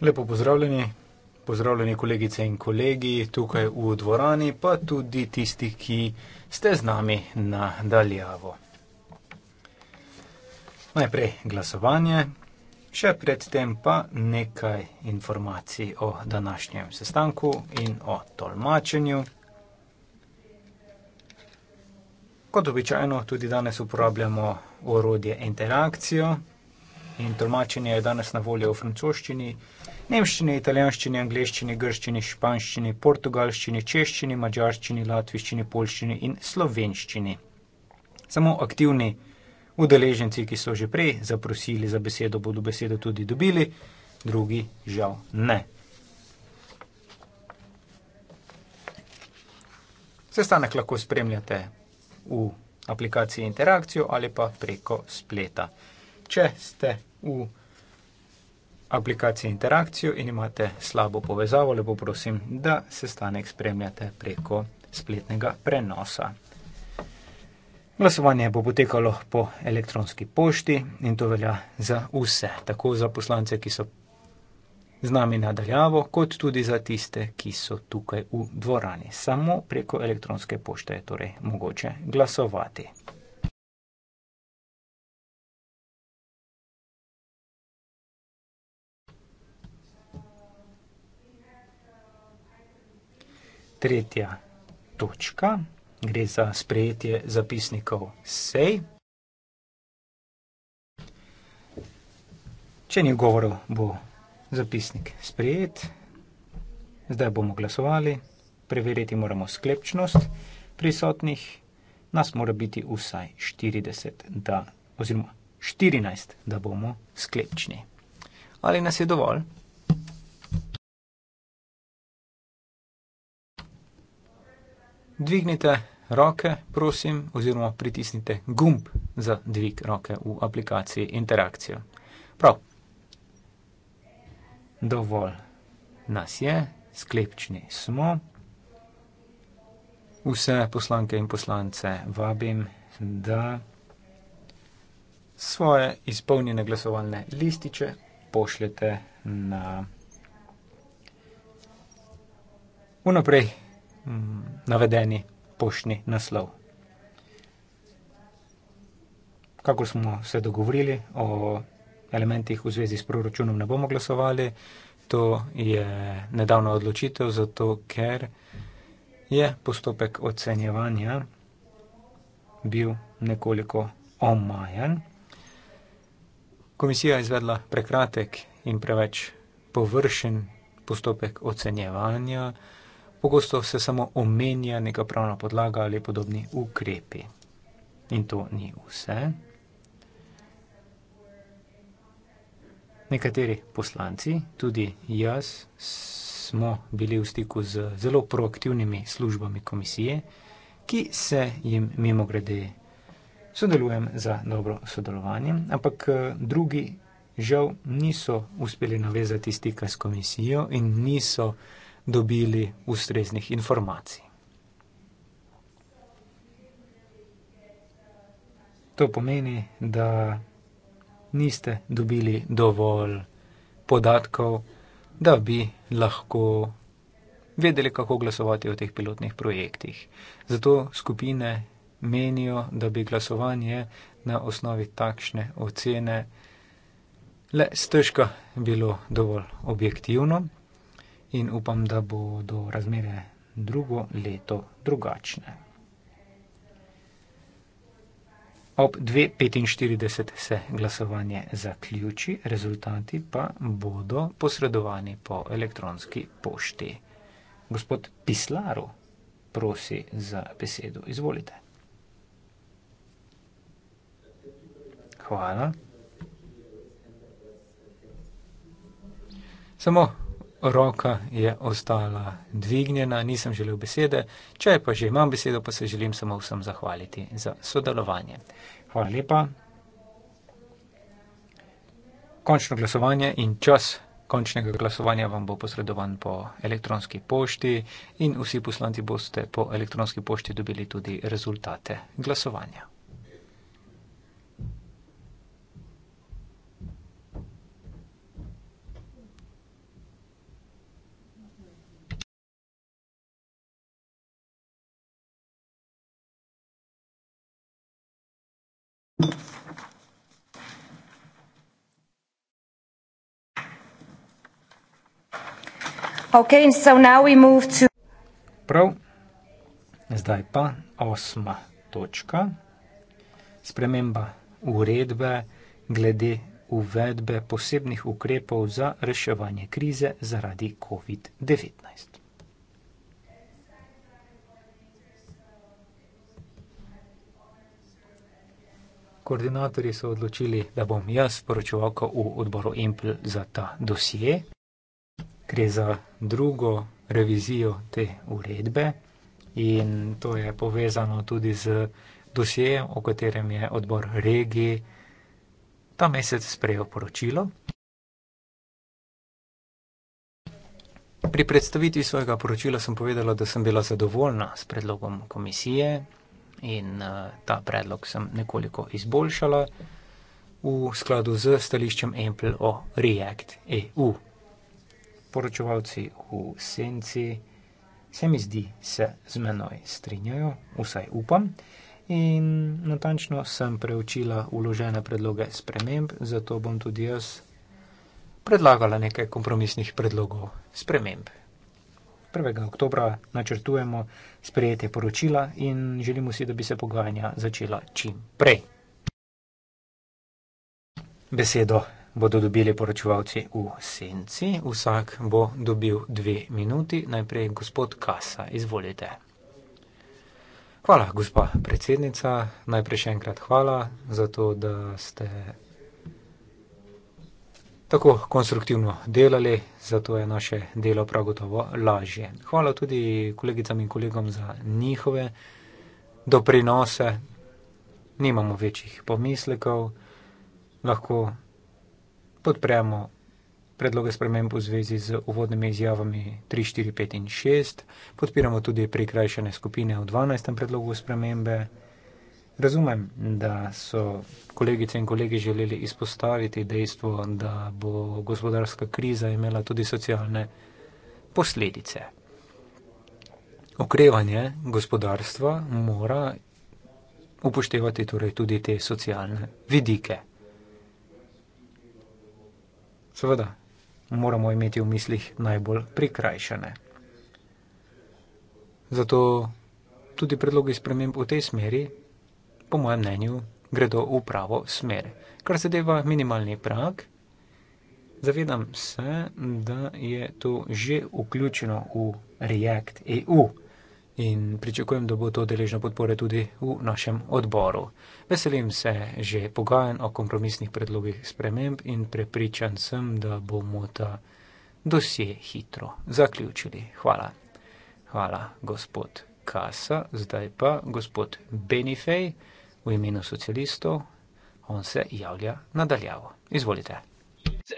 Lepo pozdravljeni, pozdravljeni kolegice in kolegi tukaj v dvorani, pa tudi tisti, ki ste z nami na daljavo. Najprej glasovanje, še predtem pa nekaj informacij o današnjem sestanku in o tolmačenju. Kot običajno, tudi danes uporabljamo orodje interakcijo in tolmačenje je danes na voljo v francoščini, nemščini, italijanščini, angliščini, grščini, španščini, portugalščini, češčini, mađarščini, latviščini, polščini in slovenščini. Samo aktivni udeleženci, ki so že prej zaprosili za besedo, bodo besedo tudi dobili, drugi žal ne. Sestanek lahko spremljate v aplikaciji Interakcijo ali pa preko spleta. Če ste v aplikaciji Interakcijo in imate slabo povezavo, lepo prosim, da sestanek spremljate preko spletnega prenosa. Glasovanje bo potekalo po elektronski pošti in to velja za vse, tako za poslance, ki so z nami nadaljavo, kot tudi za tiste, ki so tukaj v dvorani. Samo preko elektronske pošte je torej mogoče glasovati. tretja točka, gre za sprejetje zapisnikov sej. Če ni govoru, bo zapisnik sprejet. Zdaj bomo glasovali. Preveriti moramo sklepčnost prisotnih. Nas mora biti vsaj 40, da, oziroma 14, da bomo sklepčni. Ali nas je dovolj? dvignite roke, prosim, oziroma pritisnite gumb za dvig roke v aplikaciji Interakcija. Prav. Dovolj nas je, sklepčni smo. Vse poslanke in poslance vabim, da svoje izpolnjene glasovalne lističe pošljete na unaprej Mm, navedeni poštni naslov. Kako smo se dogovorili o elementih v zvezi s proračunom, ne bomo glasovali. To je nedavna odločitev, zato ker je postopek ocenjevanja bil nekoliko omajan. Komisija je izvedla prekratek in preveč površen postopek ocenjevanja. Pogosto se samo omenja neka pravna podlaga ali podobni ukrepi. In to ni vse. Nekateri poslanci, tudi jaz, smo bili v stiku z zelo proaktivnimi službami komisije, ki se jim mimo grede sodelujem za dobro sodelovanje, ampak eh, drugi žal niso uspeli navezati stika s komisijo in niso dobili ustreznih informacij. To pomeni, da niste dobili dovolj podatkov, da bi lahko vedeli, kako glasovati o teh pilotnih projektih. Zato skupine menijo, da bi glasovanje na osnovi takšne ocene le stežka bilo dovolj objektivno in upam, da bodo razmere drugo leto drugačne. Ob 2.45 se glasovanje zaključi, rezultati pa bodo posredovani po elektronski pošti. Gospod Pislaru prosi za besedo. Izvolite. Hvala. Samo roka je ostala dvignjena, nisem želel besede. Če pa že imam besedo, pa se želim samo vsem zahvaliti za sodelovanje. Hvala lepa. Končno glasovanje in čas končnega glasovanja vam bo posredovan po elektronski pošti in vsi poslanci boste po elektronski pošti dobili tudi rezultate glasovanja. Okay, to... Prav, zdaj pa osma točka. Sprememba uredbe glede uvedbe posebnih ukrepov za reševanje krize zaradi COVID-19. Koordinatorji so odločili, da bom jaz poročevalka v odboru Impl za ta dosje gre za drugo revizijo te uredbe in to je povezano tudi z dosjejem, o katerem je odbor regiji ta mesec sprejel poročilo. Pri predstavitvi svojega poročila sem povedala, da sem bila zadovoljna s predlogom komisije in eh, ta predlog sem nekoliko izboljšala v skladu z stališčem Empl o React EU poročevalci v senci, se mi zdi, se z menoj strinjajo, vsaj upam. In natančno sem preučila uložene predloge sprememb, zato bom tudi jaz predlagala nekaj kompromisnih predlogov sprememb. 1. oktober načrtujemo sprejetje poročila in želimo si, da bi se pogajanja začela čim prej. Besedo bodo dobili poročevalci v senci. Vsak bo dobil dve minuti. Najprej gospod Kasa, izvolite. Hvala, gospa predsednica. Najprej še enkrat hvala za to, da ste tako konstruktivno delali, zato je naše delo prav gotovo lažje. Hvala tudi kolegicam in kolegom za njihove doprinose. Nimamo večjih pomislekov. Lahko podpremo predloge sprememb v zvezi z uvodnimi izjavami 3, 4, 5 in 6. Podpiramo tudi prikrajšane skupine v 12. predlogu spremembe. Razumem, da so kolegice in kolegi želeli izpostaviti dejstvo, da bo gospodarska kriza imela tudi socialne posledice. Okrevanje gospodarstva mora upoštevati torej tudi te socialne vidike. Seveda, moramo imeti v mislih najbolj prikrajšane. Zato tudi predlogi sprememb v tej smeri, po mojem mnenju, gredo v pravo smer. Kar se deva minimalni prag, zavedam se, da je to že vključeno v React EU in pričakujem, da bo to deležno podpore tudi v našem odboru. Veselim se že pogajanj o kompromisnih predlogih sprememb in prepričan sem, da bomo ta dosje hitro zaključili. Hvala. Hvala, gospod Kasa. Zdaj pa gospod Benifej v imenu socialistov. On se javlja nadaljavo. Izvolite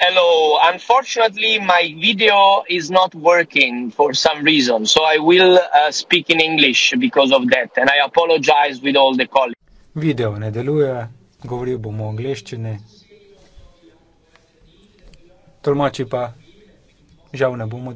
hello unfortunately my video is not working for some reason so i will uh, speak in english because of that and i apologize with all the colleagues video ne deluje govoril bom v angleščini tolmači pa žal ne bomo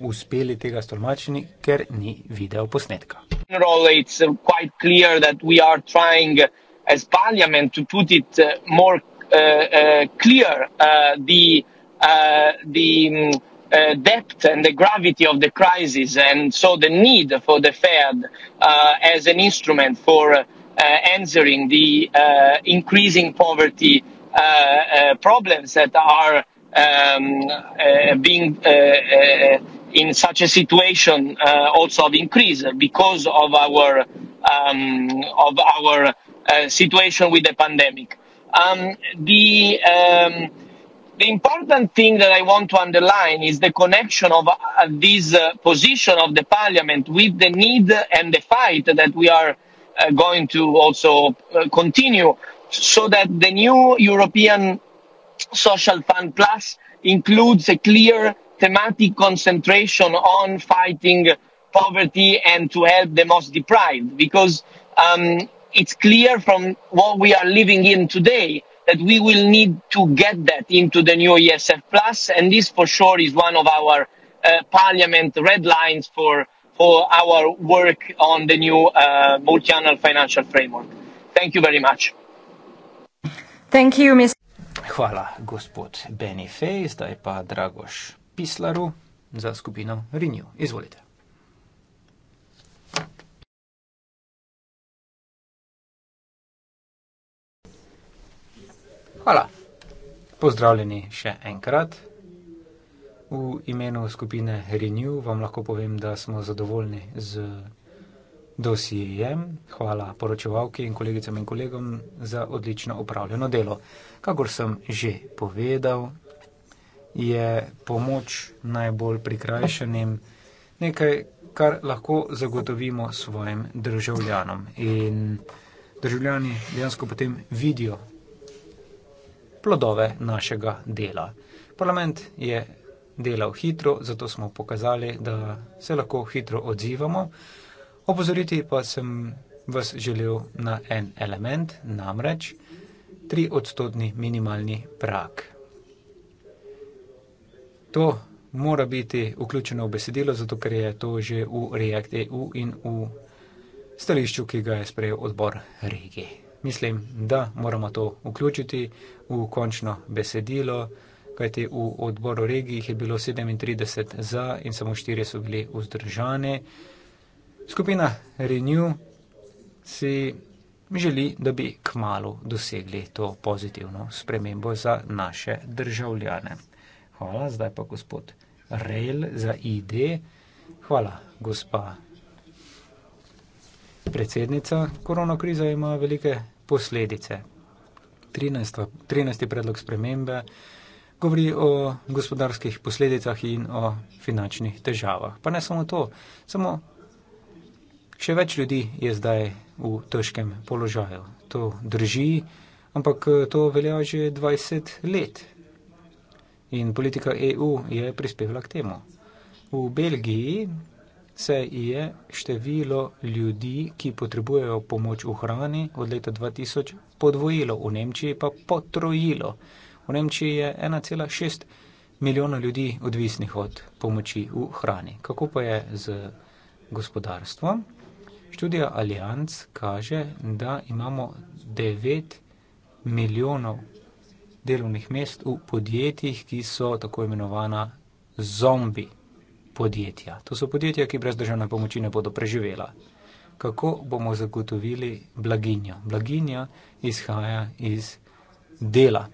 uspeli tega tolmačiti ker ni video posnetka Generally, it's uh, quite clear that we are trying as parliament to put it uh, more uh, uh, clear uh, the uh, the um, uh, depth and the gravity of the crisis, and so the need for the Fed uh, as an instrument for uh, answering the uh, increasing poverty uh, uh, problems that are um, uh, being uh, uh, in such a situation uh, also of increase because of our um, of our uh, situation with the pandemic. Uh, Um, the, um, the important thing that I want to underline is the connection of uh, this uh, position of the parliament with the need and the fight that we are uh, going to also uh, continue so that the new European Social Fund Plus includes a clear thematic concentration on fighting poverty and to help the most deprived because um, it's clear from what we are living in today that we will need to get that into the new ESF Plus, and this for sure is one of our uh, parliament red lines for for our work on the new uh, multi-annual financial framework. Thank you very much. Thank you, Ms. Hvala, gospod Benny Fay, zdaj pa Dragoš Pislaru za skupino Renew. Izvolite. Hvala. Pozdravljeni še enkrat. V imenu skupine Renew vam lahko povem, da smo zadovoljni z dosijem. Hvala poročevalki in kolegicam in kolegom za odlično upravljeno delo. Kakor sem že povedal, je pomoč najbolj prikrajšanim nekaj, kar lahko zagotovimo svojim državljanom. In državljani dejansko potem vidijo plodove našega dela. Parlament je delal hitro, zato smo pokazali, da se lahko hitro odzivamo. Opozoriti pa sem vas želel na en element, namreč tri odstotni minimalni prak. To mora biti vključeno v besedilo, zato ker je to že v React EU in v stališču, ki ga je sprejel odbor regije mislim, da moramo to vključiti v končno besedilo, kajti v odboru regij je bilo 37 za in samo 4 so bili vzdržane. Skupina Renew si želi, da bi k malu dosegli to pozitivno spremembo za naše državljane. Hvala, zdaj pa gospod Rejl za ID. Hvala, gospa. Predsednica koronakriza ima velike posledice. 13. 13. predlog spremembe govori o gospodarskih posledicah in o finančnih težavah. Pa ne samo to, samo še več ljudi je zdaj v težkem položaju. To drži, ampak to velja že 20 let. In politika EU je prispevala k temu. V Belgiji se je število ljudi, ki potrebujejo pomoč v hrani, od leta 2000 podvojilo, v Nemčiji pa potrojilo. V Nemčiji je 1,6 milijona ljudi odvisnih od pomoči v hrani. Kako pa je z gospodarstvom? Študija Allianz kaže, da imamo 9 milijonov delovnih mest v podjetjih, ki so tako imenovana zombi podjetja. To so podjetja, ki brez državne pomoči ne bodo preživela. Kako bomo zagotovili blaginjo? Blaginja izhaja iz dela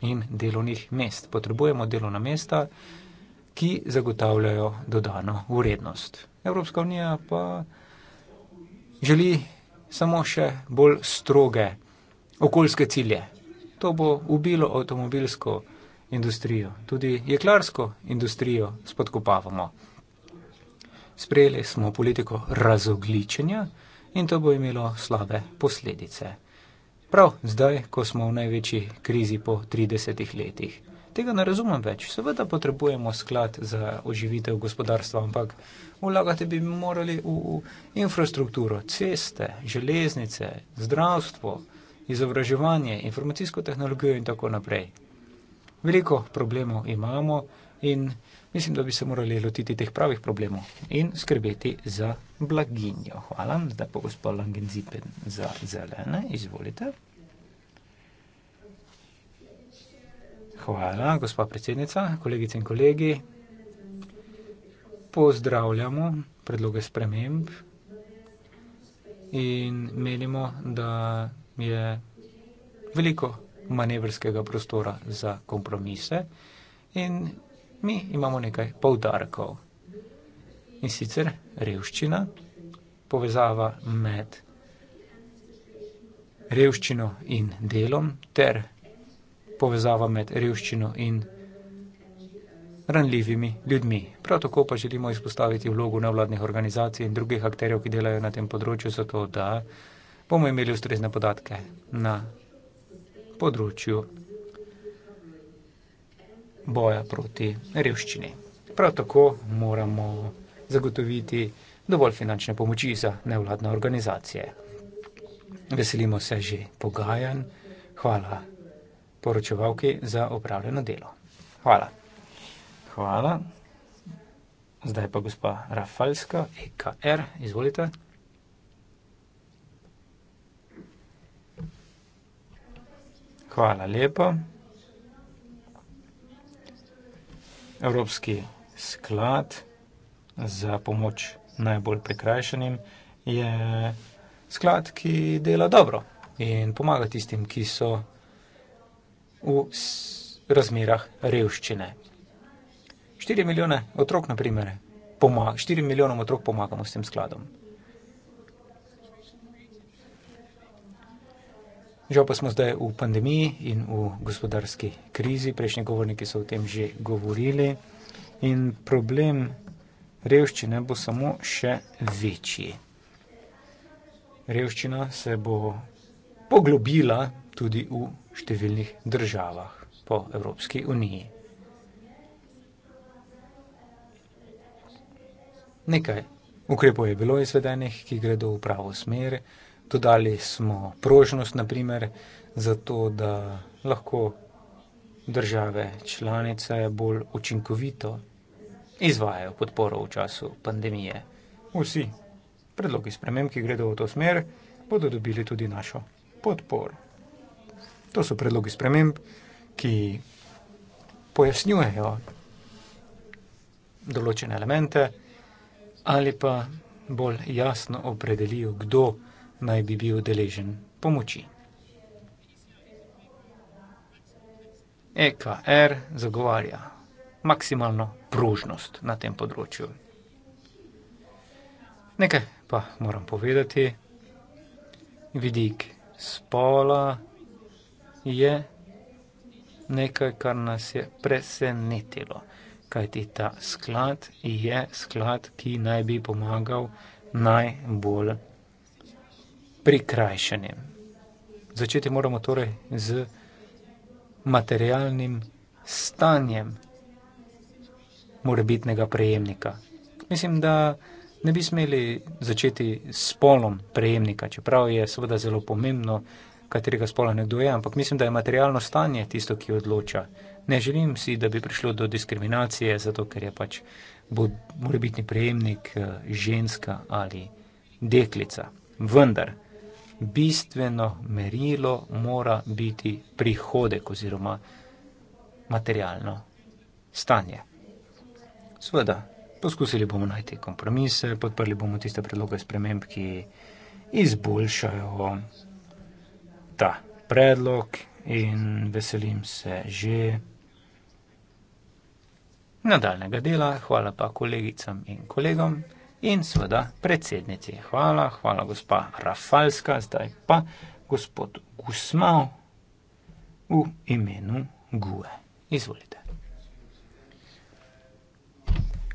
in delovnih mest. Potrebujemo delovna mesta, ki zagotavljajo dodano vrednost. Evropska unija pa želi samo še bolj stroge okoljske cilje. To bo ubilo avtomobilsko industrijo, tudi jeklarsko industrijo spodkopavamo. Sprejeli smo politiko razogličenja in to bo imelo slabe posledice. Prav zdaj, ko smo v največji krizi po 30 letih. Tega ne razumem več. Seveda potrebujemo sklad za oživitev gospodarstva, ampak vlagati bi morali v infrastrukturo, ceste, železnice, zdravstvo, izobraževanje, informacijsko tehnologijo in tako naprej. Veliko problemov imamo in mislim, da bi se morali lotiti teh pravih problemov in skrbeti za blaginjo. Hvala, zdaj pa gospod Langenzipen za zelene. Izvolite. Hvala, gospod predsednica, kolegice in kolegi. Pozdravljamo predloge sprememb in menimo, da je veliko manevrskega prostora za kompromise in mi imamo nekaj poudarkov. In sicer revščina, povezava med revščino in delom ter povezava med revščino in ranljivimi ljudmi. Prav tako pa želimo izpostaviti vlogo nevladnih organizacij in drugih akterjev, ki delajo na tem področju, zato da bomo imeli ustrezne podatke na področju boja proti revščini. Prav tako moramo zagotoviti dovolj finančne pomoči za nevladne organizacije. Veselimo se že pogajanj. Hvala poročevalki za opravljeno delo. Hvala. Hvala. Zdaj pa gospa Rafalska, EKR, izvolite. Hvala lepa. Evropski sklad za pomoč najbolj prikrajšanim je sklad, ki dela dobro in pomaga tistim, ki so v razmerah revščine. 4 milijone otrok, naprimer, 4 milijonom otrok pomagamo s tem skladom. Žal pa smo zdaj v pandemiji in v gospodarski krizi. Prejšnji govorniki so o tem že govorili. In problem revščine bo samo še večji. Revščina se bo poglobila tudi v številnih državah po Evropski uniji. Nekaj ukrepov je bilo izvedenih, ki gredo v pravo smer dodali smo prožnost, naprimer, zato da lahko države članice bolj učinkovito izvajajo podporo v času pandemije. Vsi predlogi sprememb, ki gredo v to smer, bodo dobili tudi našo podporo. To so predlogi sprememb, ki pojasnjujejo določene elemente ali pa bolj jasno opredelijo, kdo je naj bi bil deležen pomoči. EKR zagovarja maksimalno pružnost na tem področju. Nekaj pa moram povedati. Vidik spola je nekaj, kar nas je presenetilo, kajti ta sklad je sklad, ki naj bi pomagal najbolj prikrajšanjem. Začeti moramo torej z materialnim stanjem morebitnega prejemnika. Mislim, da ne bi smeli začeti s polom prejemnika, čeprav je seveda zelo pomembno, katerega spola nekdo je, ampak mislim, da je materialno stanje tisto, ki odloča. Ne želim si, da bi prišlo do diskriminacije, zato ker je pač morebitni prejemnik eh, ženska ali deklica. Vendar bistveno merilo mora biti prihodek oziroma materialno stanje. Sveda, poskusili bomo najti kompromise, podprli bomo tiste predloge sprememb, ki izboljšajo ta predlog in veselim se že nadaljnega dela. Hvala pa kolegicam in kolegom in seveda predsednici. Hvala, hvala gospa Rafalska, zdaj pa gospod Gusmav v imenu Gue. Izvolite.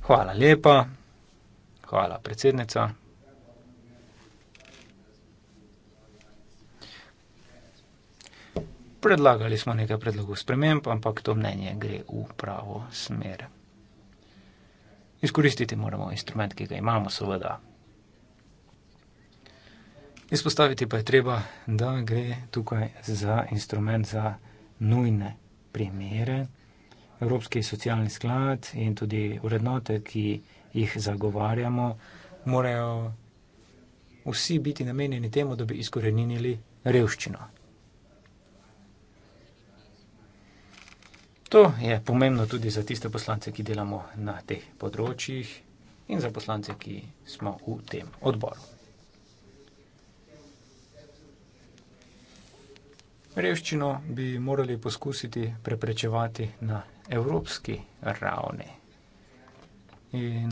Hvala lepa, hvala predsednica. Predlagali smo nekaj predlogov sprememb, ampak to mnenje gre v pravo smer. Izkoristiti moramo instrument, ki ga imamo, seveda. Izpostaviti pa je treba, da gre tukaj za instrument za nujne primere. Evropski socialni sklad in tudi urednote, ki jih zagovarjamo, morajo vsi biti namenjeni temu, da bi izkorenili revščino. To je pomembno tudi za tiste poslance, ki delamo na teh področjih in za poslance, ki smo v tem odboru. Revščino bi morali poskusiti preprečevati na evropski ravni. In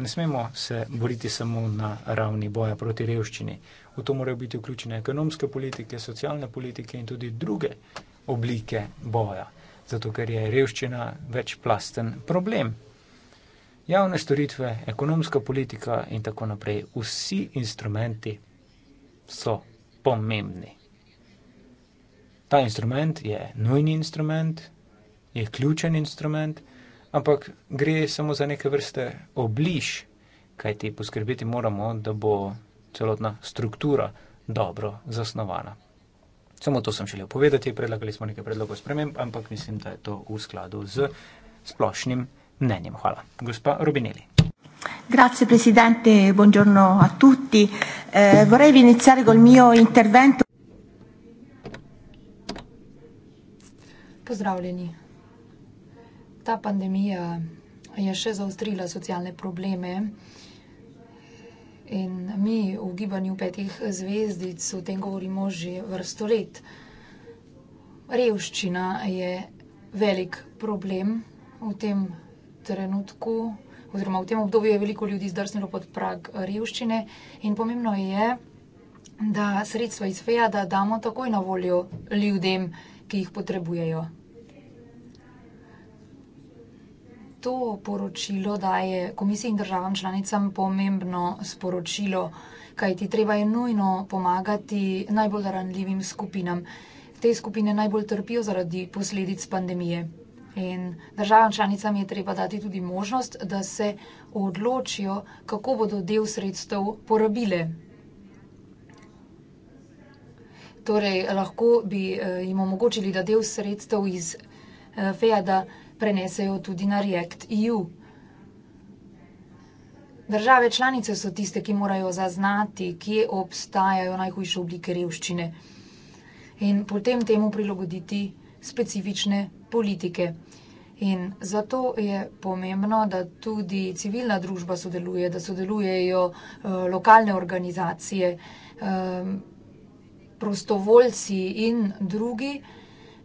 ne smemo se boriti samo na ravni boja proti revščini. V to morajo biti vključene ekonomske politike, socialne politike in tudi druge oblike boja zato ker je revščina večplasten problem. Javne storitve, ekonomska politika in tako naprej, vsi instrumenti so pomembni. Ta instrument je nujni instrument, je ključen instrument, ampak gre samo za neke vrste obliž, kajti poskrbeti moramo, da bo celotna struktura dobro zasnovana. Samo to sem želel povedati, predlagali smo nekaj predlogov sprememb, ampak mislim, da je to v skladu z splošnim mnenjem. Hvala. Gospa Rubineli. Grazie Presidente, buongiorno a tutti. Eh, vorrei iniziare col mio intervento. Pozdravljeni. Ta pandemija je še zaostrila socialne probleme. Eh, In mi v gibanju petih zvezdic o tem govorimo že vrsto let. Revščina je velik problem v tem trenutku, oziroma v tem obdobju je veliko ljudi zdrsnilo pod prag revščine in pomembno je, da sredstva iz feja damo takoj na voljo ljudem, ki jih potrebujejo. to poročilo daje komisiji in državam članicam pomembno sporočilo, kajti treba je nujno pomagati najbolj ranljivim skupinam. Te skupine najbolj trpijo zaradi posledic pandemije. In državam članicam je treba dati tudi možnost, da se odločijo, kako bodo del sredstev porabile. Torej, lahko bi eh, jim omogočili, da del sredstev iz eh, FEA, da prenesejo tudi na React EU. Države članice so tiste, ki morajo zaznati, kje obstajajo najhujše oblike revščine in potem temu prilagoditi specifične politike. In zato je pomembno, da tudi civilna družba sodeluje, da sodelujejo eh, lokalne organizacije, eh, prostovoljci in drugi.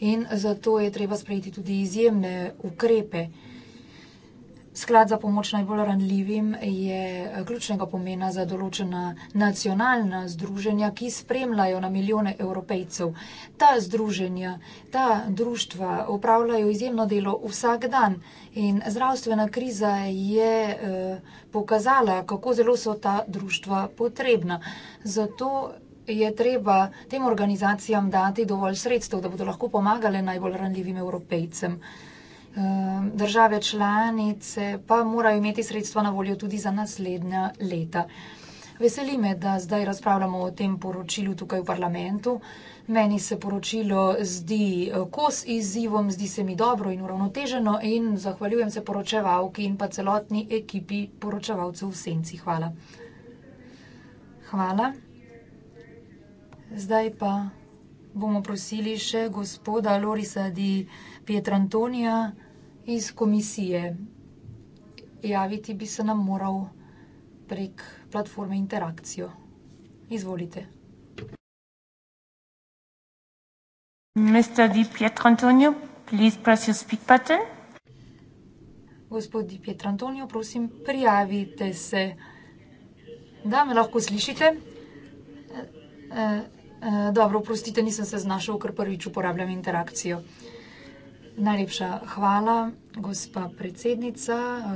in zato je treba sprejeti tudi izjemne ukrepe. Sklad za pomoč najbolj ranljivim je ključnega pomena za določena nacionalna združenja, ki spremljajo na milijone evropejcev. Ta združenja, ta društva upravljajo izjemno delo vsak dan in zdravstvena kriza je eh, pokazala, kako zelo so ta društva potrebna. Zato je treba tem organizacijam dati dovolj sredstev, da bodo lahko pomagale najbolj ranljivim evropejcem. Ehm, države članice pa morajo imeti sredstva na voljo tudi za naslednja leta. Veseli me, da zdaj razpravljamo o tem poročilu tukaj v parlamentu. Meni se poročilo zdi eh, kos izzivom, zdi se mi dobro in uravnoteženo in zahvaljujem se poročevalki in pa celotni ekipi poročevalcev v senci. Hvala. Hvala. Zdaj pa bomo prosili še gospoda Lorisa di Pietrantonija iz komisije. Javiti bi se nam moral prek platforme Interakcijo. Izvolite. Mr. Di Pietrantonio, please press your speak button. Gospod Di Pietrantonio, prosim, prijavite se. Da, me lahko slišite? Uh, E, dobro, oprostite, nisem se znašel, ker prvič uporabljam interakcijo. Najlepša hvala, gospa predsednica,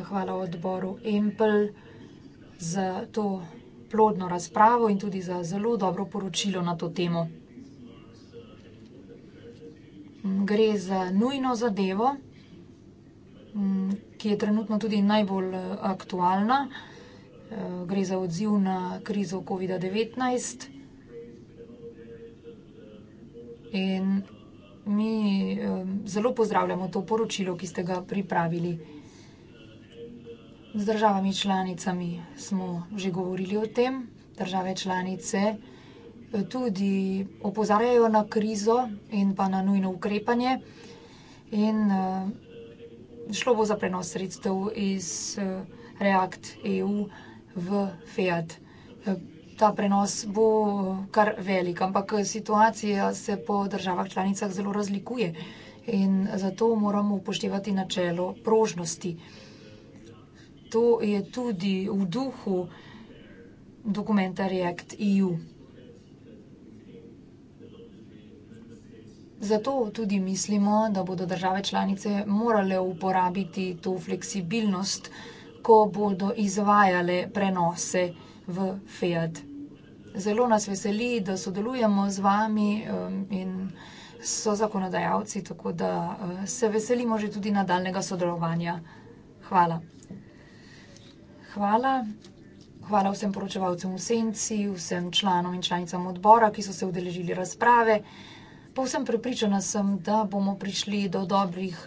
hvala odboru Empel za to plodno razpravo in tudi za zelo dobro poročilo na to temo. Gre za nujno zadevo, ki je trenutno tudi najbolj e, aktualna. E, gre za odziv na krizo COVID-19. In mi zelo pozdravljamo to poročilo, ki ste ga pripravili. Z državami članicami smo že govorili o tem. Države članice eh, tudi opozarjajo na krizo in pa na nujno ukrepanje. In eh, šlo bo za prenos sredstev iz eh, React EU v Fiat ta prenos bo kar velik, ampak eh, situacija se po državah članicah zelo razlikuje in zato moramo upoštevati načelo prožnosti. To je tudi v duhu dokumenta React EU. Zato tudi mislimo, da bodo države članice morale uporabiti to fleksibilnost, ko bodo izvajale prenose v FEAD zelo nas veseli, da sodelujemo z vami um, in so zakonodajalci, tako da uh, se veselimo že tudi nadaljnega sodelovanja. Hvala. Hvala. Hvala vsem poročevalcem v Senci, vsem članom in članicam odbora, ki so se udeležili razprave. Povsem prepričana sem, da bomo prišli do dobrih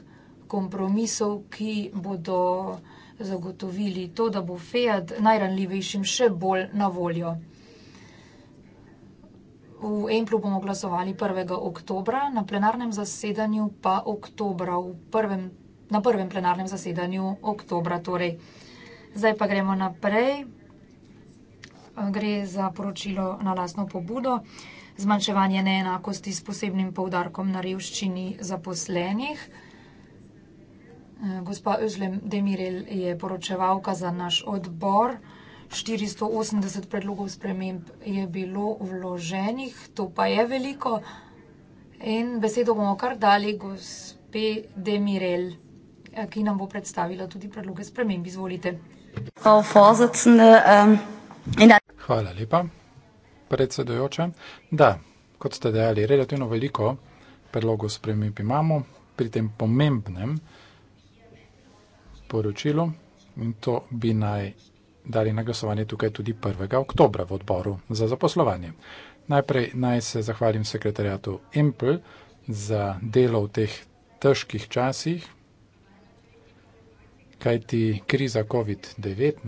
kompromisov, ki bodo zagotovili to, da bo FEAD najranljivejšim še bolj na voljo v Emplu bomo glasovali 1. oktobra, na plenarnem zasedanju pa oktobra, prvem, na prvem plenarnem zasedanju oktobra. Torej. Zdaj pa gremo naprej. Gre za poročilo na lasno pobudo. Zmanjševanje neenakosti s posebnim povdarkom na revščini zaposlenih. Gospa Özlem Demirel je poročevalka za naš odbor. 480 predlogov sprememb je bilo vloženih, to pa je veliko. In besedo bomo kar dali gospe Demirel, ki nam bo predstavila tudi predloge sprememb. Izvolite. Ähm, Hvala lepa, predsedojoča. Da, kot ste dejali, relativno veliko predlogov sprememb imamo pri tem pomembnem poročilu in to bi naj dali na glasovanje tukaj tudi 1. oktober v odboru za zaposlovanje. Najprej naj se zahvalim sekretarjatu Empl za delo v teh težkih časih, kajti kriza COVID-19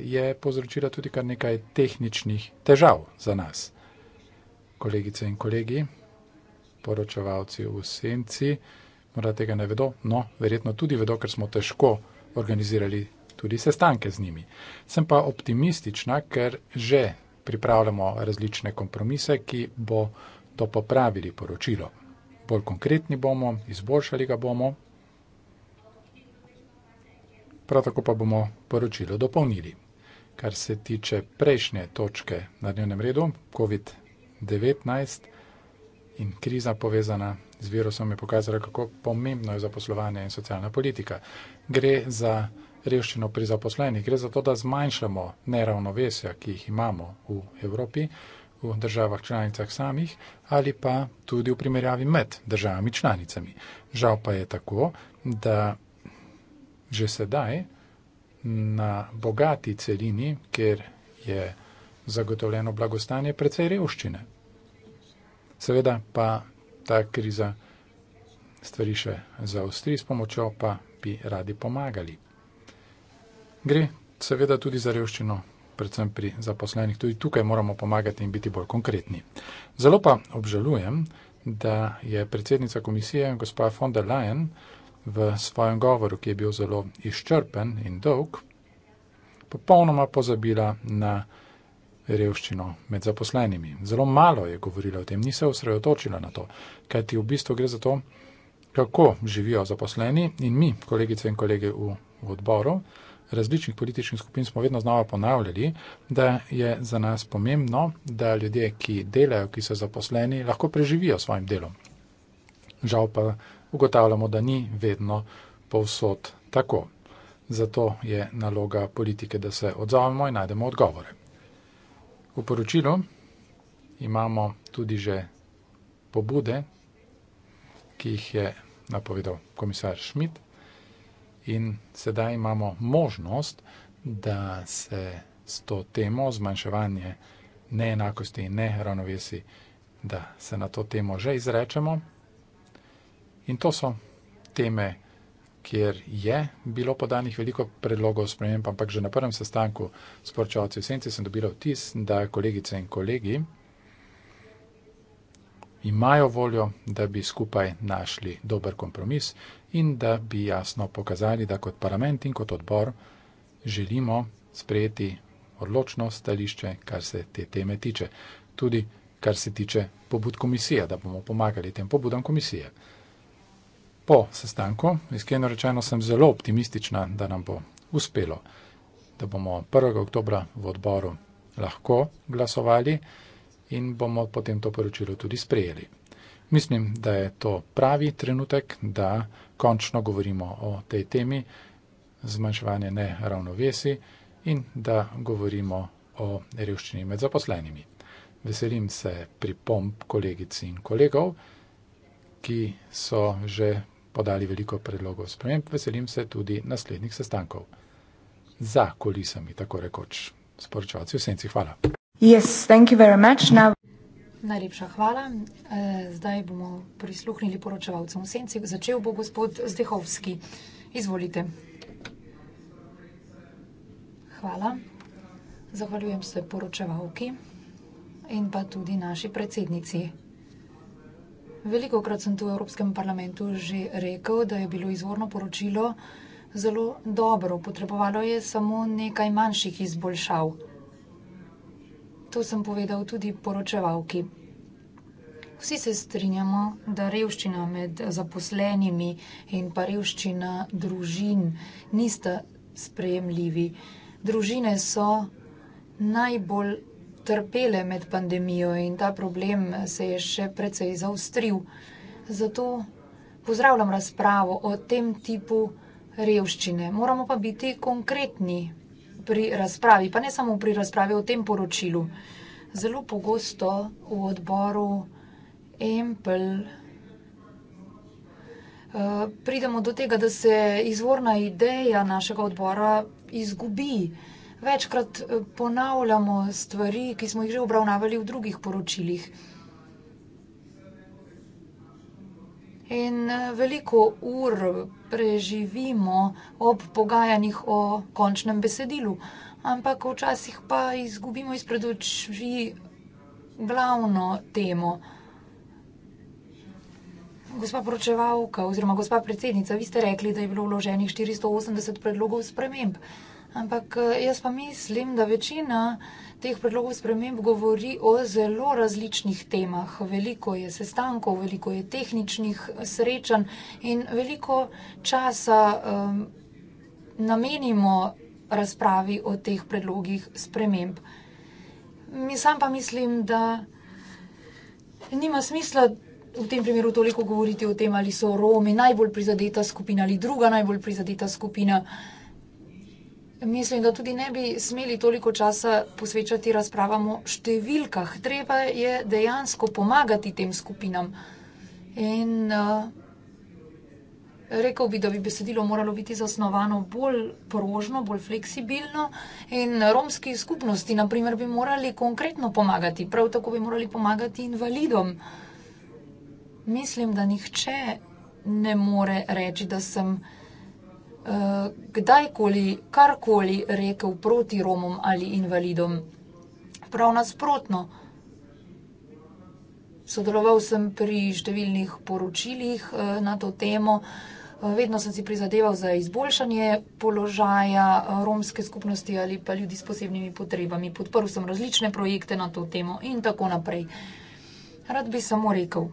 je povzročila tudi kar nekaj tehničnih težav za nas. Kolegice in kolegi, poročevalci v senci, morda tega ne vedo, no, verjetno tudi vedo, ker smo težko organizirali tudi sestanke z njimi. Sem pa optimistična, ker že pripravljamo različne kompromise, ki bo to popravili poročilo. Bolj konkretni bomo, izboljšali ga bomo, prav tako pa bomo poročilo dopolnili. Kar se tiče prejšnje točke na dnevnem redu, COVID-19 in kriza povezana z virusom je pokazala, kako pomembno je zaposlovanje in socialna politika. Gre za revščino pri zaposlenih. Gre za to, da zmanjšamo neravnovesja, ki jih imamo v Evropi, v državah članicah samih ali pa tudi v primerjavi med državami članicami. Žal pa je tako, da že sedaj na bogati celini, kjer je zagotovljeno blagostanje, precej revščine. Seveda pa ta kriza stvari še zaostri, s pomočjo pa bi radi pomagali. Gre seveda tudi za revščino, predvsem pri zaposlenih. Tudi tukaj moramo pomagati in biti bolj konkretni. Zelo pa obžalujem, da je predsednica komisije, gospa von der Leyen, v svojem govoru, ki je bil zelo izčrpen in dolg, popolnoma pozabila na revščino med zaposlenimi. Zelo malo je govorila o tem, ni se osredotočila na to, kajti v bistvu gre za to, kako živijo zaposleni in mi, kolegice in kolege v, v odboru, različnih političnih skupin smo vedno znova ponavljali, da je za nas pomembno, da ljudje, ki delajo, ki so zaposleni, lahko preživijo svojim delom. Žal pa ugotavljamo, da ni vedno povsod tako. Zato je naloga politike, da se odzovemo in najdemo odgovore. V poročilu imamo tudi že pobude, ki jih je napovedal komisar Schmidt, In sedaj imamo možnost, da se s to temo zmanjševanje neenakosti in neravnovesi, da se na to temo že izrečemo. In to so teme, kjer je bilo podanih veliko predlogov sprememb, ampak že na prvem sestanku s poročevalci v senci sem dobila vtis, da kolegice in kolegi imajo voljo, da bi skupaj našli dober kompromis in da bi jasno pokazali, da kot parlament in kot odbor želimo sprejeti odločno stališče, kar se te teme tiče. Tudi kar se tiče pobud komisije, da bomo pomagali tem pobudam komisije. Po sestanku, iskreno rečeno, sem zelo optimistična, da nam bo uspelo, da bomo 1. oktobra v odboru lahko glasovali in bomo potem to poročilo tudi sprejeli. Mislim, da je to pravi trenutek, da končno govorimo o tej temi, zmanjševanje neravnovesi in da govorimo o revščini med zaposlenimi. Veselim se pripomb kolegic in kolegov, ki so že podali veliko predlogov sprememb, veselim se tudi naslednjih sestankov. Za kulisami, tako rekoč, sporočavci v senci, hvala. Yes, thank you very much. Now... Najlepša hvala. E, zdaj bomo prisluhnili poročevalcem v senci. Začel bo gospod Zdehovski. Izvolite. Hvala. Zahvaljujem se poročevalki in pa tudi naši predsednici. Veliko krat sem tu v Evropskem parlamentu že rekel, da je bilo izvorno poročilo zelo dobro. Potrebovalo je samo nekaj manjših izboljšav. To sem povedal tudi poročevalki. Vsi se strinjamo, da revščina med zaposlenimi in pa revščina družin nista sprejemljivi. Družine so najbolj trpele med pandemijo in ta problem se je še precej zaustril. Zato pozdravljam razpravo o tem tipu revščine. Moramo pa biti konkretni pri razpravi, pa ne samo pri razpravi o tem poročilu. Zelo pogosto v odboru Empel eh, pridemo do tega, da se izvorna ideja našega odbora izgubi. Večkrat eh, ponavljamo stvari, ki smo jih že obravnavali v drugih poročilih. In eh, veliko ur preživimo ob pogajanjih o končnem besedilu, ampak včasih pa izgubimo izpred oči glavno temo. Gospa poročevalka oziroma gospa predsednica, vi ste rekli, da je bilo vloženih 480 predlogov sprememb. Ampak eh, jaz pa mislim, da večina teh predlogov sprememb govori o zelo različnih temah. Veliko je sestankov, veliko je tehničnih eh, srečanj in veliko časa um, namenimo razpravi o teh predlogih sprememb. Mi sam pa mislim, da nima smisla. V tem primeru toliko govoriti o tem, ali so Romi najbolj prizadeta skupina ali druga najbolj prizadeta skupina. Uh, mislim, da tudi ne bi smeli toliko časa posvečati razpravam o številkah. Treba je dejansko pomagati tem skupinam. In eh, rekel bi, da bi besedilo moralo biti zasnovano bolj prožno, bolj fleksibilno in romski skupnosti, naprimer, bi morali konkretno pomagati. Prav tako bi morali pomagati invalidom. Mislim, da nihče ne more reči, da sem invalid. Eh, kdajkoli karkoli rekel proti Romom ali invalidom. Prav nasprotno. Sodeloval sem pri številnih poročilih eh, na to temo, eh, vedno sem si prizadeval za izboljšanje položaja romske skupnosti ali pa ljudi s posebnimi potrebami. Podprl sem različne projekte na to temo in tako naprej. Rad bi samo rekel,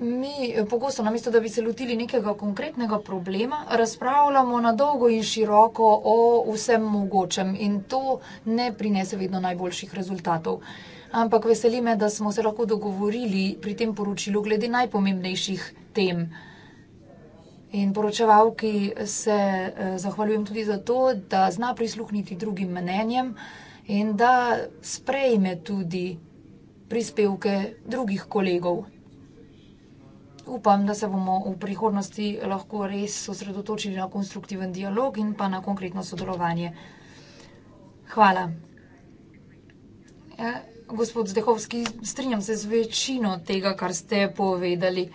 mi pogosto, namesto da bi se lotili nekega konkretnega problema, razpravljamo na dolgo in široko o vsem mogočem in to ne prinese vedno najboljših rezultatov. Ampak veseli me, da smo se lahko dogovorili pri tem poročilu glede najpomembnejših tem. In poročevalki se eh, zahvaljujem tudi za to, da zna prisluhniti drugim mnenjem in da sprejme tudi prispevke drugih kolegov upam, da se bomo v prihodnosti lahko res osredotočili na konstruktiven dialog in pa na konkretno sodelovanje. Hvala. Ja, gospod Zdehovski, strinjam se z večino tega, kar ste povedali.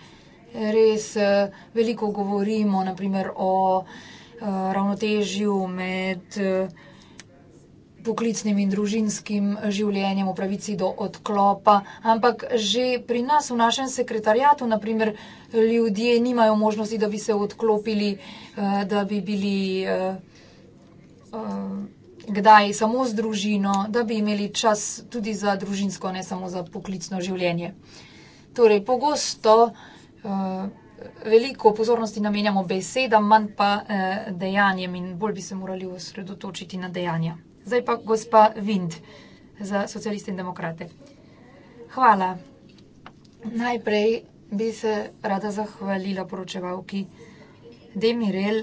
Res eh, veliko govorimo, naprimer, o eh, ravnotežju med. Eh, poklicnim in družinskim življenjem, o pravici do odklopa, ampak že pri nas, v našem sekretarijatu, naprimer, ljudje nimajo možnosti, da bi se odklopili, eh, da bi bili eh, eh, kdaj samo z družino, da bi imeli čas tudi za družinsko, ne samo za poklicno življenje. Torej, pogosto veliko pozornosti namenjamo besedam, manj pa dejanjem in bolj bi se morali osredotočiti na dejanja. Zdaj pa gospa Vind za socialiste in demokrate. Hvala. Najprej bi se rada zahvalila poročevalki Demirel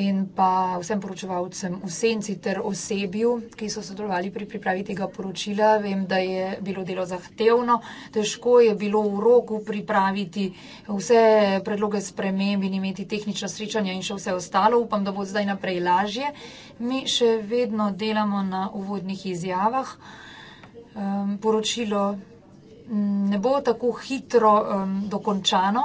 in pa vsem poročevalcem v senci ter osebju, ki so sodelovali pri pripravi tega poročila. Vem, da je bilo delo zahtevno, težko je bilo v roku pripraviti vse predloge sprememb in imeti tehnična srečanja in še vse ostalo. Upam, da bo zdaj naprej lažje. Mi še vedno delamo na uvodnih izjavah. Um, poročilo Mm, ne bo tako hitro um, dokončano,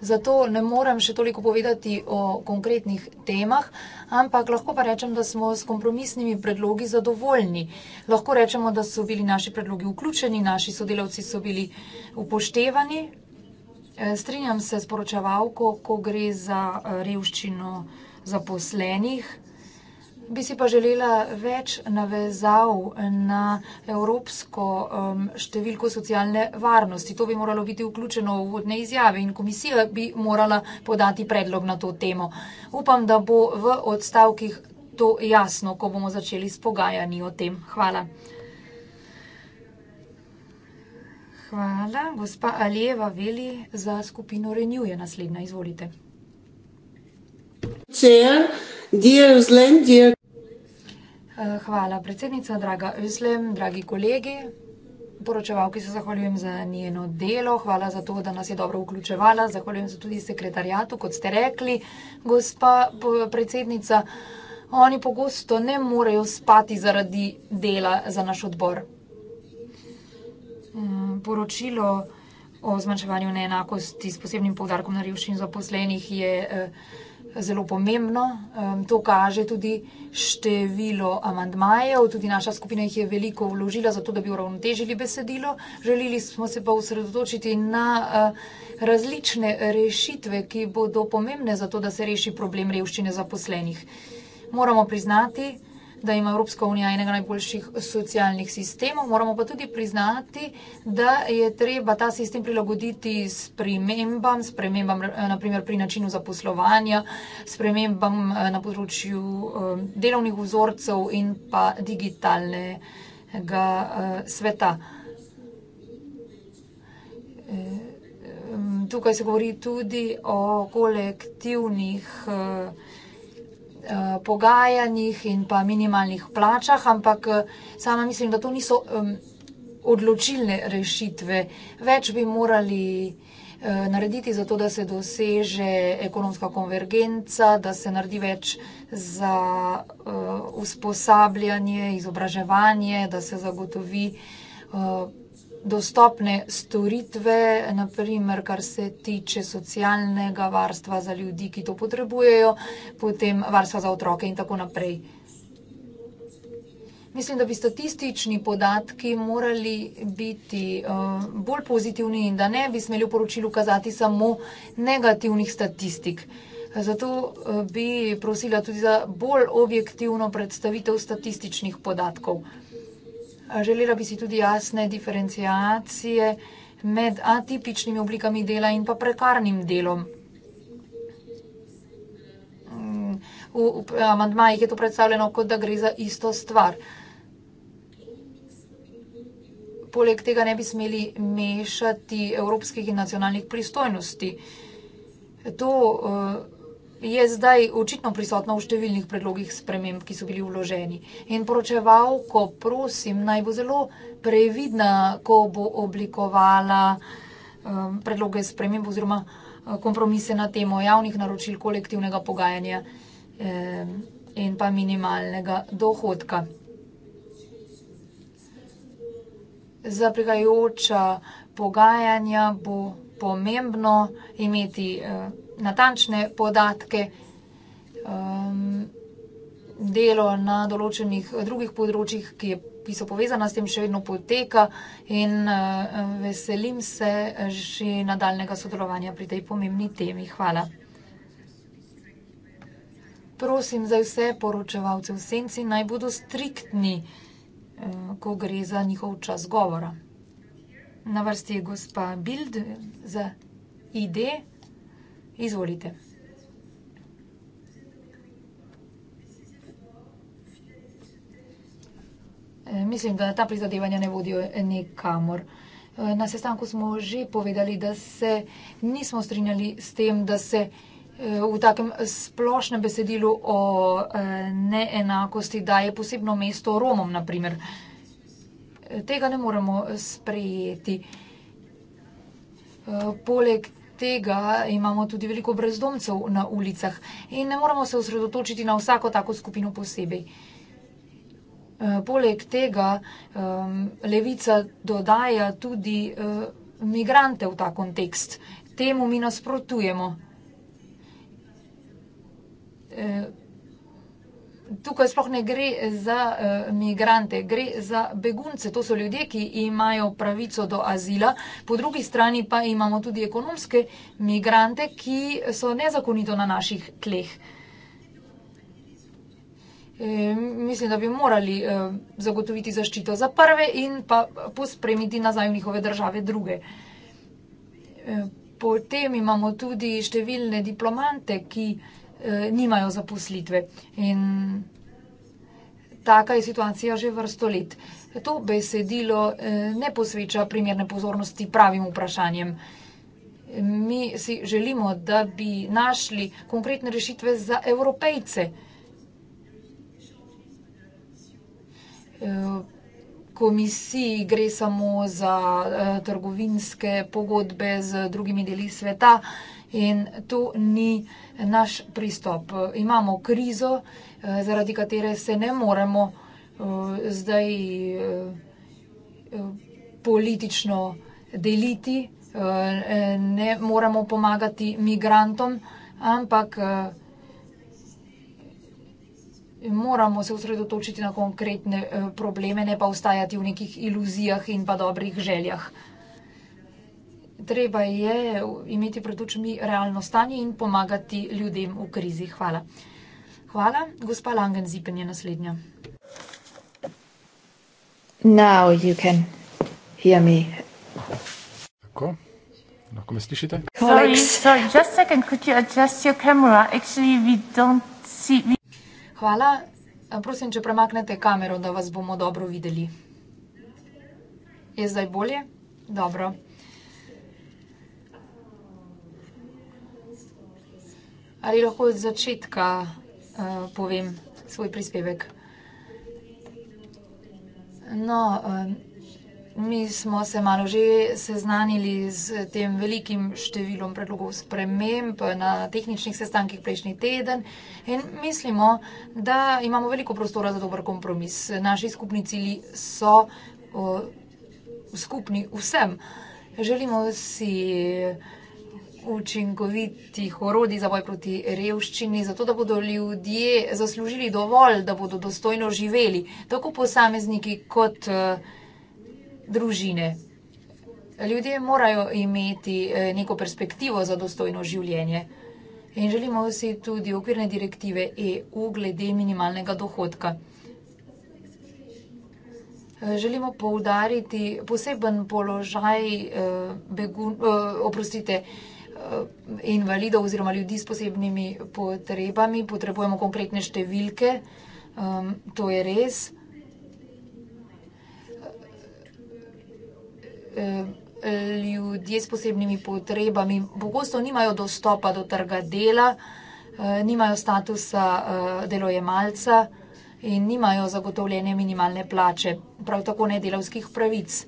zato ne morem še toliko povedati o konkretnih temah, ampak lahko pa rečem, da smo s kompromisnimi predlogi zadovoljni. Lahko rečemo, da so bili naši predlogi vključeni, naši sodelavci so bili upoštevani. E, strinjam se s poročevalko, ko gre za e, revščino zaposlenih. Bi si pa želela več navezav na evropsko številko socialne varnosti. To bi moralo biti vključeno v vodne izjave in komisija bi morala podati predlog na to temo. Upam, da bo v odstavkih to jasno, ko bomo začeli s pogajanji o tem. Hvala. Hvala. Gospa Aljeva Veli za skupino Renew je naslednja. Izvolite. Cel. Dear Özlem, dear... Eh, hvala, predsednica, draga Özlem, dragi kolegi. Poročevalki se zahvaljujem za njeno delo, hvala za to, da nas je dobro vključevala. Zahvaljujem se tudi sekretarijatu, kot ste rekli, gospa predsednica. Oni pogosto ne morejo spati zaradi dela za naš odbor. Mm, poročilo o zmanjševanju neenakosti s posebnim povdarkom na revščini zaposlenih je eh, zelo pomembno. To kaže tudi število amandmajev, tudi naša skupina jih je veliko vložila, zato da bi uravnotežili besedilo. Želili smo se pa usredotočiti na eh, različne rešitve, ki bodo pomembne za to, da se reši problem revščine zaposlenih. Moramo priznati, da da ima Evropska unija enega najboljših socialnih sistemov, moramo pa tudi priznati, da je treba ta sistem prilagoditi s premembam, s premembam eh, naprimer pri načinu zaposlovanja, s premembam eh, na področju eh, delovnih vzorcev in pa digitalnega sveta. Tukaj se govori tudi o kolektivnih vzorcev, Eh, pogajanjih in pa minimalnih plačah, ampak eh, sama mislim, da to niso odločilne rešitve. Več bi morali eh, narediti za to, da se doseže ekonomska konvergenca, da se naredi več za usposabljanje, izobraževanje, da se zagotovi dostopne storitve, naprimer, kar se tiče socialnega varstva za ljudi, ki to potrebujejo, potem varstva za otroke in tako naprej. Mislim, da bi statistični podatki morali biti uh, bolj pozitivni in da ne bi smeli v poročilu kazati samo negativnih statistik. Zato eh, bi prosila tudi za bolj objektivno predstavitev statističnih podatkov. Želela bi si tudi jasne diferencijacije med atipičnimi oblikami dela in pa prekarnim delom. V amantmajih je to predstavljeno, kot da gre za isto stvar. Poleg tega ne bi smeli mešati evropskih in nacionalnih pristojnosti. To vsega, eh, je zdaj očitno prisotno v številnih predlogih sprememb, ki so bili vloženi. In poročeval, ko prosim, naj bo zelo previdna, ko bo oblikovala um, predloge sprememb oziroma uh, kompromise na temo javnih naročil kolektivnega pogajanja um, in pa minimalnega dohodka. Za prihajajoča pogajanja bo pomembno imeti. Uh, natančne podatke, um, delo na določenih drugih področjih, ki, je, ki so povezana s tem, še vedno poteka in uh, veselim se že nadaljnega sodelovanja pri tej pomembni temi. Hvala. Prosim za vse poročevalce v senci, naj bodo striktni, uh, ko gre za njihov čas govora. Na vrsti je gospa Bild za idejo. Izvolite. E, mislim, da ta prizadevanja ne vodijo nikamor. E, na sestanku smo že povedali, da se nismo strinjali s tem, da se e, v takem splošnem besedilu o neenakosti daje posebno mesto Romom, naprimer. Tega ne moremo sprejeti. Poleg tega, tega imamo tudi veliko brezdomcev na ulicah in ne moramo se osredotočiti na vsako tako skupino posebej. E, poleg tega e, levica dodaja tudi e, migrante v ta kontekst. Temu mi nasprotujemo tukaj sploh ne gre za uh, migrante, gre za begunce. To so ljudje, ki imajo pravico do azila. Po drugi strani pa imamo tudi ekonomske migrante, ki so nezakonito na naših tleh. E, mislim, da bi morali e, zagotoviti zaščito za prve in pa pospremiti nazaj v njihove države druge. E, potem imamo tudi številne diplomante, ki Eh, nimajo zaposlitve. In taka je situacija že vrsto let. To besedilo eh, ne posveča primerne pozornosti pravim vprašanjem. Mi si želimo, da bi našli konkretne rešitve za evropejce. Eh, komisiji gre samo za trgovinske pogodbe z drugimi deli sveta in to ni naš pristop. Imamo krizo, eh, zaradi katere se ne moremo eh, zdaj eh, politično deliti, ne moremo pomagati migrantom, ampak moramo se osredotočiti na konkretne probleme, ne pa ostajati v nekih iluzijah in pa dobrih željah treba je imeti pred očmi realno stanje in pomagati ljudem v krizi. Hvala. Hvala, gospa Langen Zipen je naslednja. Now you can hear me. Tako. Lahko me slišite? Sorry, sorry, just a second, could you adjust your camera? Actually, we don't see... We... Hvala. Prosim, če premaknete kamero, da vas bomo dobro videli. Je zdaj bolje? Dobro. Ali lahko od začetka uh, povem svoj prispevek? No, um, mi smo se malo že seznanili z tem velikim številom predlogov sprememb na tehničnih sestankih prejšnji teden in mislimo, da imamo veliko prostora za dober kompromis. Naši skupni cili so uh, skupni vsem. Želimo si. Uh, učinkovitih orodij za boj proti revščini, zato da bodo ljudje zaslužili dovolj, da bodo dostojno živeli, tako posamezniki kot eh, družine. Ljudje morajo imeti eh, neko perspektivo za dostojno življenje in želimo vsi tudi okvirne direktive EU glede minimalnega dohodka. Eh, želimo poudariti poseben položaj begun, oprostite, Eh, invalidov oziroma ljudi s posebnimi potrebami, potrebujemo konkretne številke, um, to je res. Eh, eh, ljudje s posebnimi potrebami pogosto nimajo dostopa do trga dela, nimajo statusa delojemalca in nimajo zagotovljene minimalne plače, prav tako ne delavskih pravic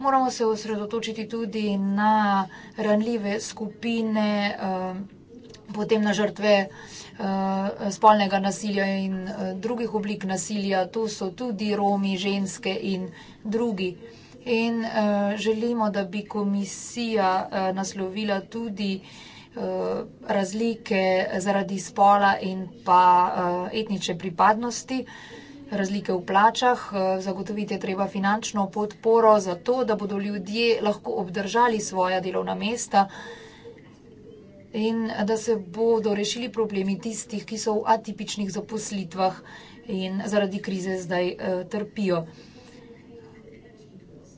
moramo se osredotočiti tudi na ranljive skupine, eh, potem na žrtve eh, spolnega nasilja in eh, drugih oblik nasilja. Tu so tudi Romi, ženske in drugi. In želimo, da bi komisija naslovila tudi razlike zaradi spola in pa etnične pripadnosti razlike v plačah, eh, zagotoviti je treba finančno podporo za to, da bodo ljudje lahko obdržali svoja delovna mesta in da se bodo rešili problemi tistih, ki so v atipičnih zaposlitvah in zaradi krize zdaj eh, trpijo.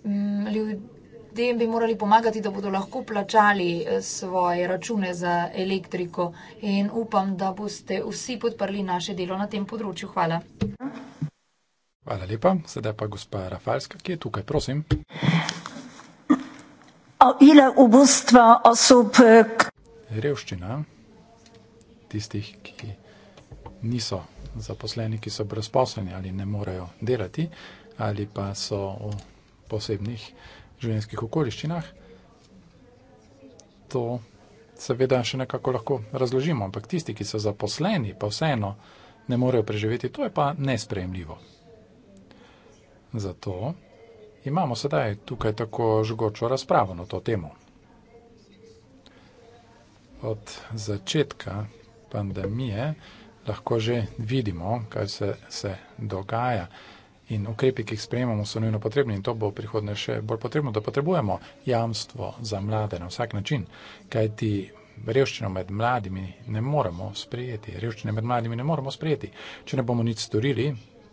Mm, ljudem bi morali pomagati, da bodo lahko plačali eh, svoje račune za elektriko in upam, da boste vsi podprli naše delo na tem področju. Hvala. Hvala lepa. Sedaj pa gospa Rafalska, ki je tukaj, prosim. E, Revščina tistih, ki niso zaposleni, ki so brezposleni ali ne morejo delati ali pa so v posebnih življenjskih okoliščinah. To seveda še nekako lahko razložimo, ampak tisti, ki so zaposleni, pa vseeno ne morejo preživeti, to je pa nespremljivo. Zato imamo sedaj tukaj tako žgočo razpravo na to temo. Od začetka pandemije lahko že vidimo, kaj se, se dogaja in ukrepi, ki jih sprejemamo, so nujno potrebni in to bo v prihodnje še bolj potrebno, da potrebujemo jamstvo za mlade na vsak način, kaj ti revščino med mladimi ne moremo sprejeti. Revščine med mladimi ne moremo sprejeti. Če ne bomo nič storili,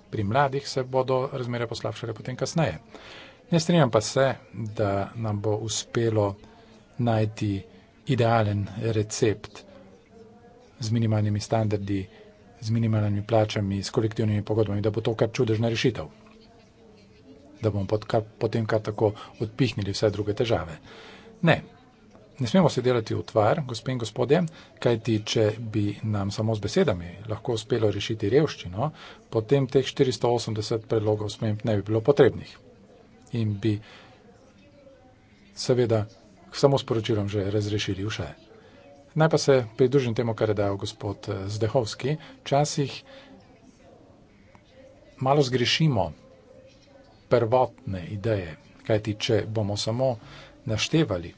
pri mladih se bodo razmere poslabšale potem kasneje. Ne strinjam pa se, da nam bo uspelo najti idealen recept z minimalnimi standardi, z minimalnimi plačami, s kolektivnimi pogodbami, da bo to kar čudežna rešitev. Da bomo potem kar tako odpihnili vse druge težave. Ne, Ne smemo se delati v tvar, gospe in gospodje, kajti če bi nam samo z besedami lahko uspelo rešiti revščino, potem teh 480 predlogov sprememb ne bi bilo potrebnih. In bi seveda samo s poročilom že razrešili vše. Naj pa se pridružim temu, kar je dal gospod eh, Zdehovski. Včasih malo zgrešimo prvotne ideje, kajti če bomo samo naštevali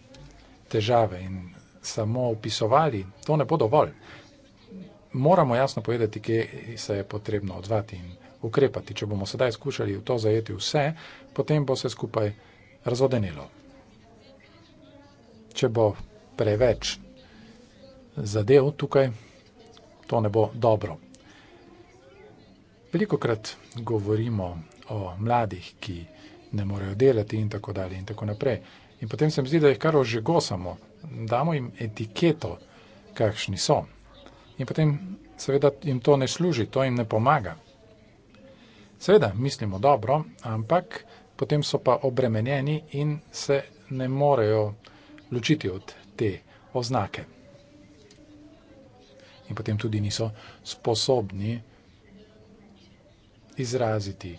težave in samo opisovali, to ne bo dovolj. Moramo jasno povedati, kje se je potrebno odzvati in ukrepati. Če bomo sedaj skušali v to zajeti vse, potem bo se skupaj razodenilo. Če bo preveč zadev tukaj, to ne bo dobro. Veliko krat govorimo o mladih, ki ne morejo delati in tako dalje in tako naprej. In potem se mi zdi, da jih kar ožigosamo, damo jim etiketo, kakšni so. In potem seveda jim to ne služi, to jim ne pomaga. Seveda mislimo dobro, ampak potem so pa obremenjeni in se ne morejo ločiti od te oznake. In potem tudi niso sposobni izraziti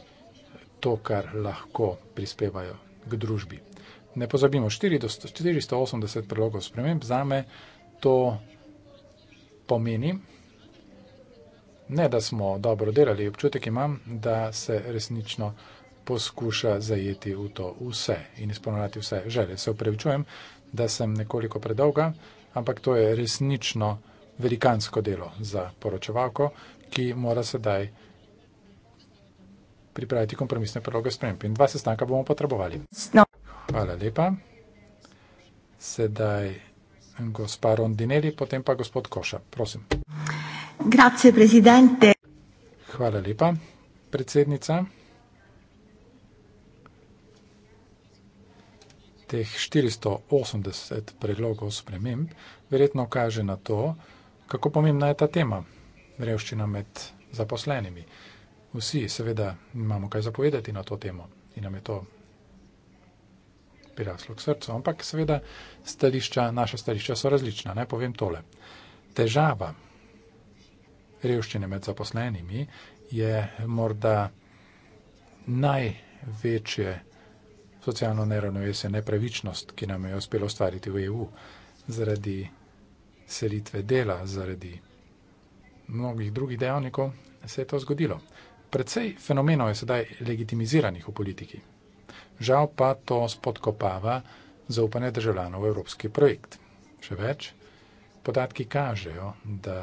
to, kar lahko prispevajo k družbi. Ne pozabimo, 480 prilogov sprememb za me to pomeni, ne da smo dobro delali, občutek imam, da se resnično poskuša zajeti v to vse in izpolnjati vse želje. Se upravičujem, da sem nekoliko predolga, ampak to je resnično velikansko delo za poročevalko, ki mora sedaj pripraviti kompromisne priloge sprememb. In dva sestanka bomo potrebovali. No. Hvala lepa. Sedaj gospa Rondineli, potem pa gospod Koša. Prosim. Grazie, presidente. Hvala lepa, predsednica. Teh 480 predlogov sprememb verjetno kaže na to, kako pomembna je ta tema revščina med zaposlenimi. Vsi seveda imamo kaj zapovedati na to temo in nam je to prirastlo k srcu. Ampak seveda stališča, naša stališča so različna. Ne? Povem tole. Težava revščine med zaposlenimi je morda največje socialno neravnovesje, nepravičnost, ki nam je uspelo ustvariti v EU zaradi selitve dela, zaradi mnogih drugih dejavnikov, se je to zgodilo. Predvsej fenomenov je sedaj legitimiziranih v politiki. Žal pa to spodkopava zaupanje državljanov v evropski projekt. Še več, podatki kažejo, da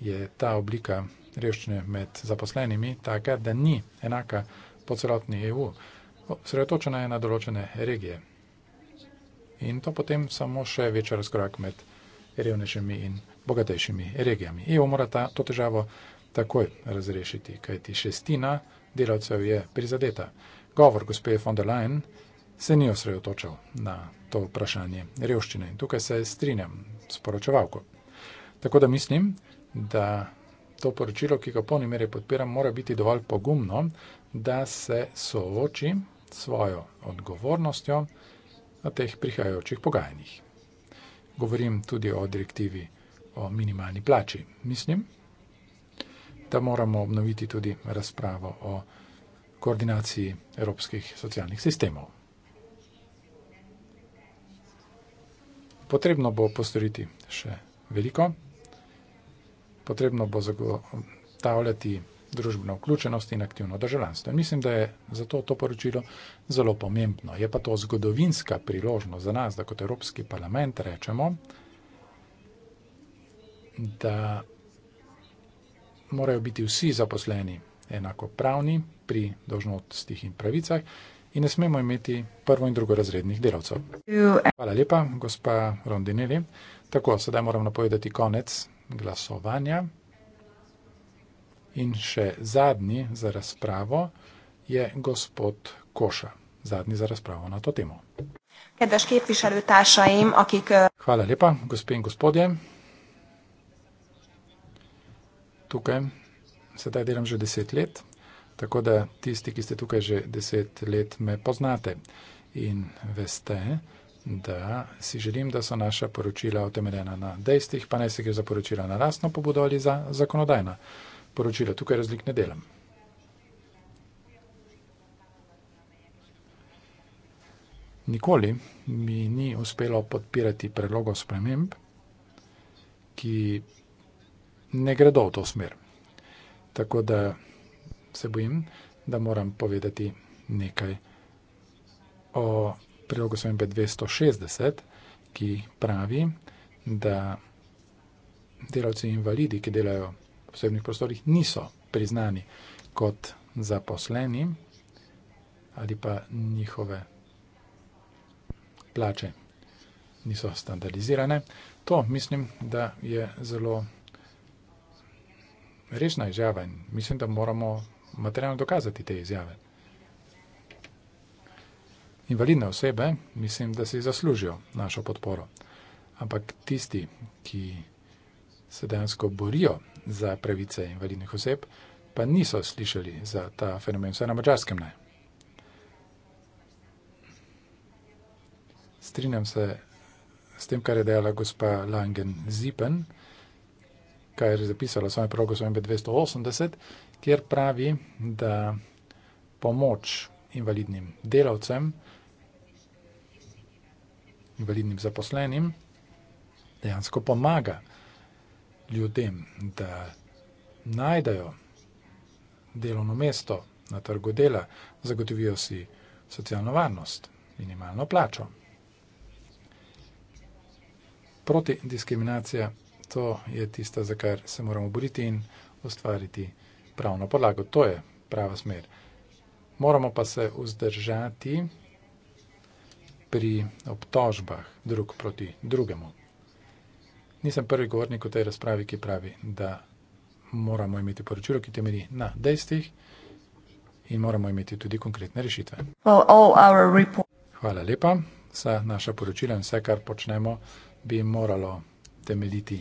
je ta oblika revščine med zaposlenimi taka, da ni enaka po celotni EU. Sredotočena je na določene regije. In to potem samo še večji razkorak med revnejšimi in bogatejšimi regijami. EU mora ta, to težavo takoj razrešiti, kajti šestina delavcev je prizadeta govor gospe von der Leyen se ni osredotočal na to vprašanje revščine. In tukaj se strinjam s poročevalko. Tako da mislim, da to poročilo, ki ga polni mere podpiram, mora biti dovolj pogumno, da se sooči svojo odgovornostjo na teh prihajajočih pogajanjih. Govorim tudi o direktivi o minimalni plači. Mislim, da moramo obnoviti tudi razpravo o direktivi koordinaciji evropskih socialnih sistemov. Potrebno bo postoriti še veliko, potrebno bo zagotavljati družbeno vključenost in aktivno državljanstvo. Mislim, da je zato to poročilo zelo pomembno. Je pa to zgodovinska priložnost za nas, da kot Evropski parlament rečemo, da morajo biti vsi zaposleni enakopravni, pri dožnostih in pravicah in ne smemo imeti prvo in drugorazrednih delavcev. Hvala lepa, gospa Rondinelli. Tako, sedaj moram napovedati konec glasovanja. In še zadnji za razpravo je gospod Koša. Zadnji za razpravo na to temo. Hvala lepa, gospe in gospodje. Tukaj sedaj delam že deset let. Tako da tisti, ki ste tukaj že deset let, me poznate in veste, da si želim, da so naša poročila utemeljena na dejstvih, pa naj se gre za poročila na lastno pobudo ali za zakonodajna poročila. Tukaj razlik ne delam. Nikoli mi ni uspelo podpirati predlogov sprememb, ki ne gredo v to smer. Tako da se bojim, da moram povedati nekaj o prilogu SMB 260, ki pravi, da delavci invalidi, ki delajo v posebnih prostorih, niso priznani kot zaposleni ali pa njihove plače niso standardizirane. To mislim, da je zelo resna izjava in mislim, da moramo materialno dokazati te izjave. Invalidne osebe mislim, da si zaslužijo našo podporo. Ampak tisti, ki se dejansko borijo za pravice invalidnih oseb, pa niso slišali za ta fenomen, vsaj na mačarskem ne. Strinjam se s tem, kar je dejala gospa Langen Zipen, kar je zapisala svojem prologu svojem 280 kjer pravi, da pomoč invalidnim delavcem, invalidnim zaposlenim, dejansko pomaga ljudem, da najdajo delovno mesto na trgu dela, zagotovijo si socialno varnost, minimalno plačo. Protidiskriminacija, to je tista, za kar se moramo boriti in ustvariti vsega pravno podlago. To je prava smer. Moramo pa se vzdržati pri obtožbah drug proti drugemu. Nisem prvi govornik v tej razpravi, ki pravi, da moramo imeti poročilo, ki temelji na dejstvih in moramo imeti tudi konkretne rešitve. Hvala lepa. Vsa naša poročila in vse, kar počnemo, bi moralo temeljiti.